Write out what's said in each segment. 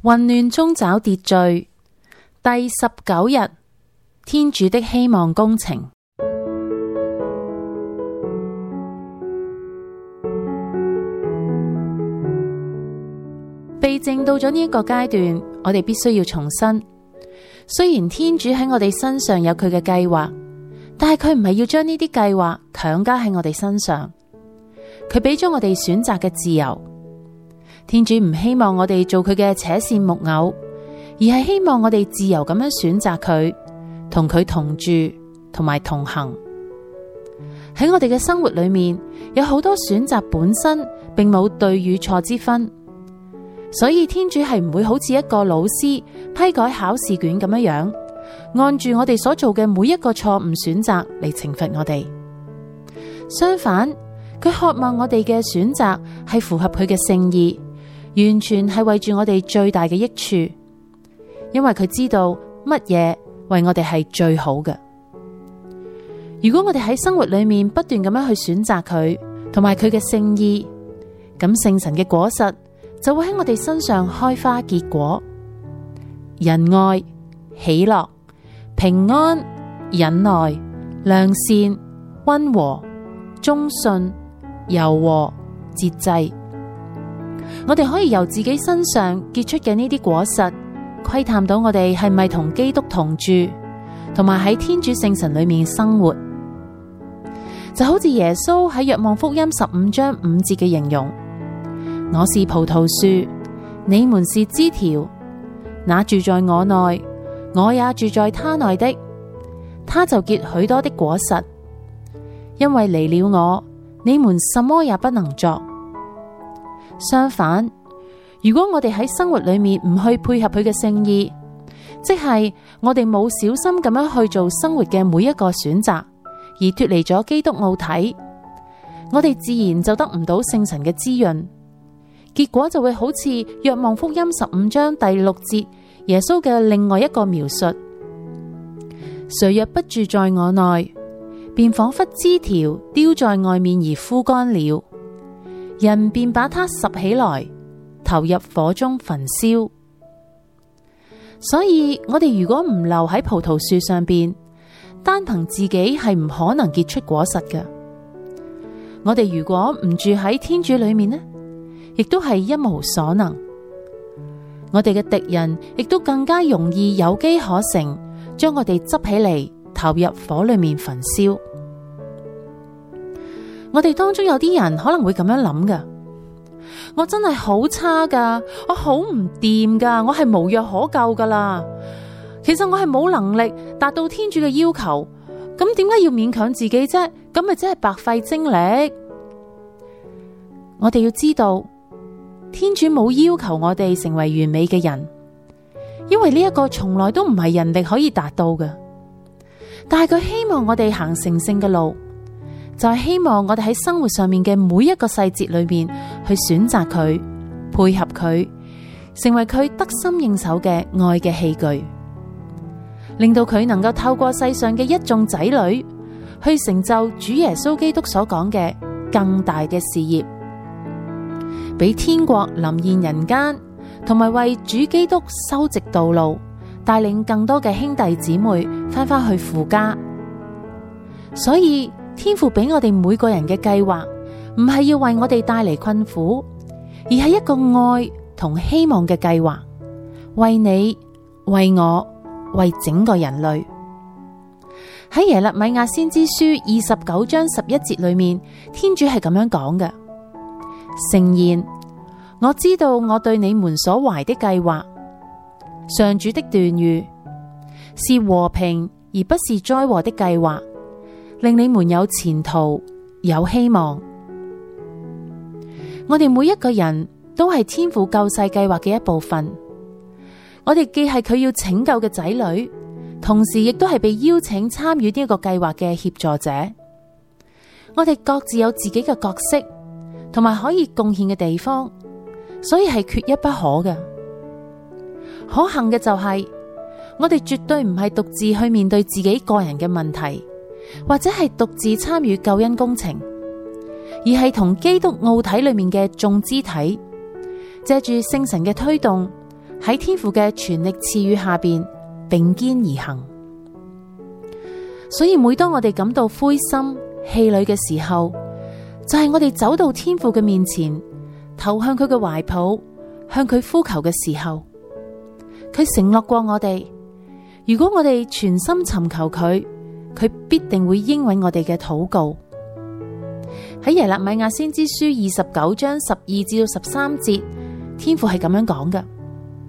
混亂中找秩序，第十九日，天主的希望工程。避靜到咗呢一個階段，我哋必須要重申：雖然天主喺我哋身上有佢嘅計劃，但係佢唔係要將呢啲計劃強加喺我哋身上，佢俾咗我哋選擇嘅自由。天主唔希望我哋做佢嘅扯線木偶，而係希望我哋自由咁樣選擇佢，同佢同住，同埋同行。喺我哋嘅生活裏面，有好多選擇本身並冇對與錯之分，所以天主係唔會好似一個老師批改考試卷咁樣樣，按住我哋所做嘅每一個錯誤選擇嚟懲罰我哋。相反，佢渴望我哋嘅選擇係符合佢嘅聖意。完全係為住我哋最大嘅益處，因為佢知道乜嘢為我哋係最好嘅。如果我哋喺生活裏面不斷咁樣去選擇佢，同埋佢嘅聖意，咁聖神嘅果實就會喺我哋身上開花結果。仁愛、喜樂、平安、忍耐、良善、溫和、忠信、柔和、節制。我哋可以由自己身上結出嘅呢啲果實，窺探到我哋係咪同基督同住，同埋喺天主聖神裏面生活，就好似耶穌喺《若望福音》十五章五節嘅形容：「我是葡萄樹，你們是枝條，那住在我內，我也住在他內的，他就結許多的果實，因為離了我，你們什麼也不能作。相反，如果我哋喺生活裏面唔去配合佢嘅聖意，即係我哋冇小心咁樣去做生活嘅每一個選擇，而脫離咗基督奧體，我哋自然就得唔到聖神嘅滋潤，結果就會好似《若望福音》十五章第六節耶穌嘅另外一個描述：誰若不住在我內，便仿佛枝條丟在外面而枯乾了。人便把它拾起來，投入火中焚燒。所以我哋如果唔留喺葡萄樹上邊，單憑自己係唔可能結出果實嘅。我哋如果唔住喺天主裏面呢，亦都係一無所能。我哋嘅敵人亦都更加容易有機可乘，將我哋執起嚟投入火裏面焚燒。我哋當中有啲人可能會咁樣諗噶，我真係好差噶，我好唔掂噶，我係無藥可救噶啦。其實我係冇能力達到天主嘅要求，咁點解要勉強自己啫？咁咪真係白費精力。我哋要知道，天主冇要求我哋成為完美嘅人，因為呢一個從來都唔係人力可以達到嘅，但係佢希望我哋行成聖嘅路。就係希望我哋喺生活上面嘅每一個細節裏面去選擇佢，配合佢，成為佢得心應手嘅愛嘅器具，令到佢能夠透過世上嘅一眾仔女去成就主耶穌基督所講嘅更大嘅事業，俾天國臨現人間，同埋為主基督修直道路，帶領更多嘅兄弟姊妹翻返去父家，所以。天父俾我哋每個人嘅計劃，唔係要為我哋帶嚟困苦，而係一個愛同希望嘅計劃，為你、為我、為整個人類。喺耶肋米亞先知書二十九章十一節裏面，天主係咁樣講嘅：誠然，我知道我對你們所懷的計劃，上主的斷語是和平，而不是災禍的計劃。令你們有前途，有希望。我哋每一個人都係天父救世計劃嘅一部分。我哋既係佢要拯救嘅仔女，同時亦都係被邀請參與呢一個計劃嘅協助者。我哋各自有自己嘅角色，同埋可以貢獻嘅地方，所以係缺一不可嘅。可幸嘅就係、是、我哋絕對唔係獨自去面對自己個人嘅問題。或者係獨自參與救恩工程，而係同基督奧體裏面嘅眾肢體借住聖神嘅推動，喺天父嘅全力賜予下邊並肩而行。所以每當我哋感到灰心氣餒嘅時候，就係我哋走到天父嘅面前，投向佢嘅懷抱，向佢呼求嘅時候，佢承諾過我哋，如果我哋全心尋求佢。佢必定會應允我哋嘅禱告。喺耶肋米亞先知書二十九章十二至到十三節，天父係咁樣講嘅：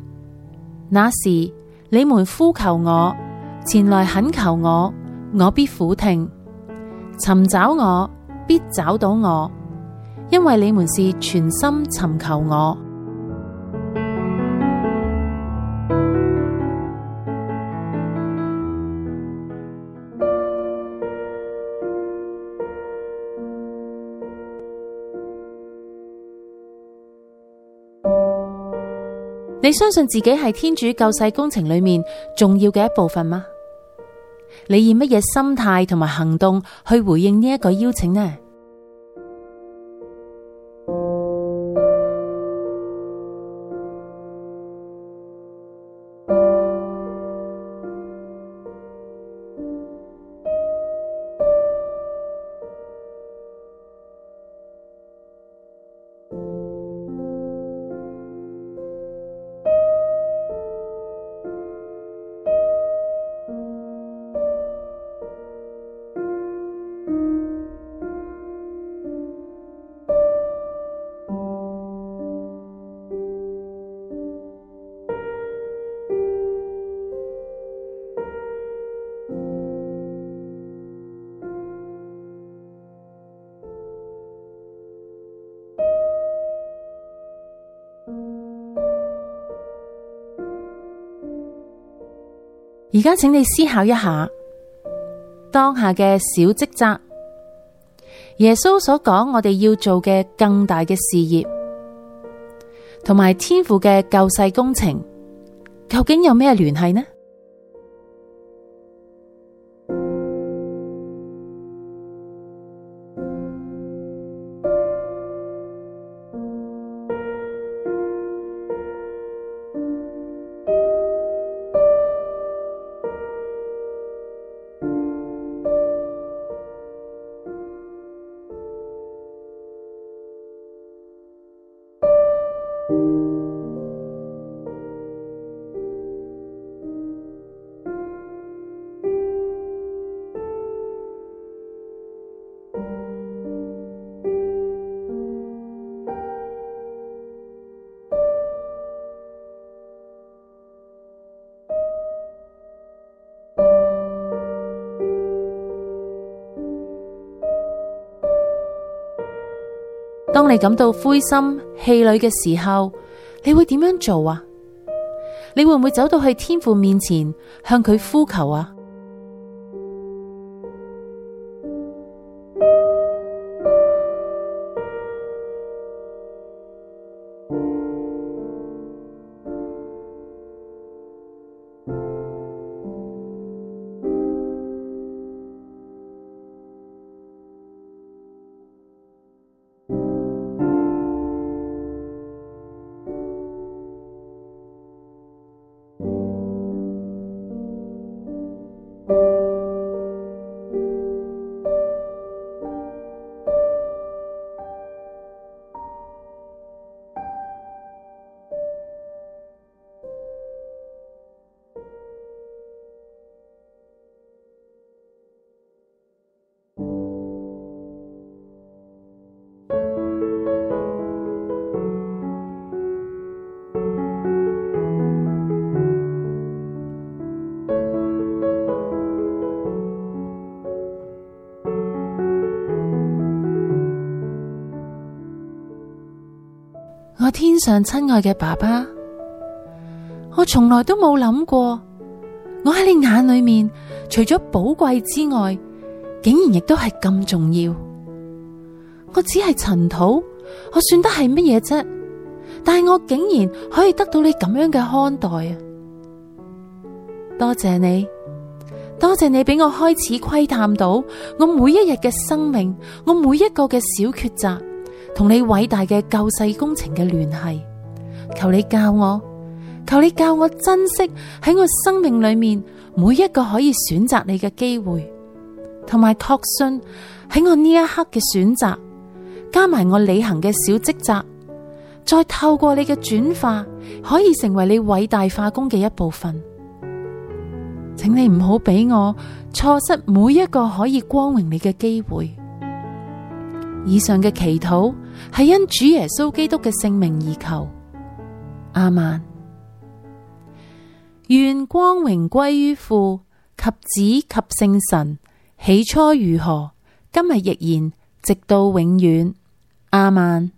那時你們呼求我，前來懇求我，我必俯聽；尋找我，必找到我，因為你們是全心尋求我。你相信自己係天主救世工程裏面重要嘅一部分嗎？你以乜嘢心態同埋行動去回應呢一個邀請呢？而家請你思考一下，當下嘅小職責，耶穌所講我哋要做嘅更大嘅事業，同埋天父嘅救世工程，究竟有咩聯繫呢？當你感到灰心氣餒嘅時候，你會點樣做啊？你會唔會走到去天父面前向佢呼求啊？我天上親愛嘅爸爸，我從來都冇諗過，我喺你眼裏面除咗寶貴之外，竟然亦都係咁重要。我只係塵土，我算得係乜嘢啫？但係我竟然可以得到你咁樣嘅看待啊！多謝你，多謝你俾我開始窺探到我每一日嘅生命，我每一個嘅小抉擇。同你偉大嘅救世工程嘅聯繫，求你教我，求你教我珍惜喺我生命裏面每一個可以選擇你嘅機會，同埋確信喺我呢一刻嘅選擇，加埋我履行嘅小職責，再透過你嘅轉化，可以成為你偉大化工嘅一部分。請你唔好俾我錯失每一個可以光榮你嘅機會。以上嘅祈禱。係因主耶穌基督嘅聖名而求，亞孟。願光榮歸於父及子及聖神，起初如何，今日亦然，直到永遠，亞孟。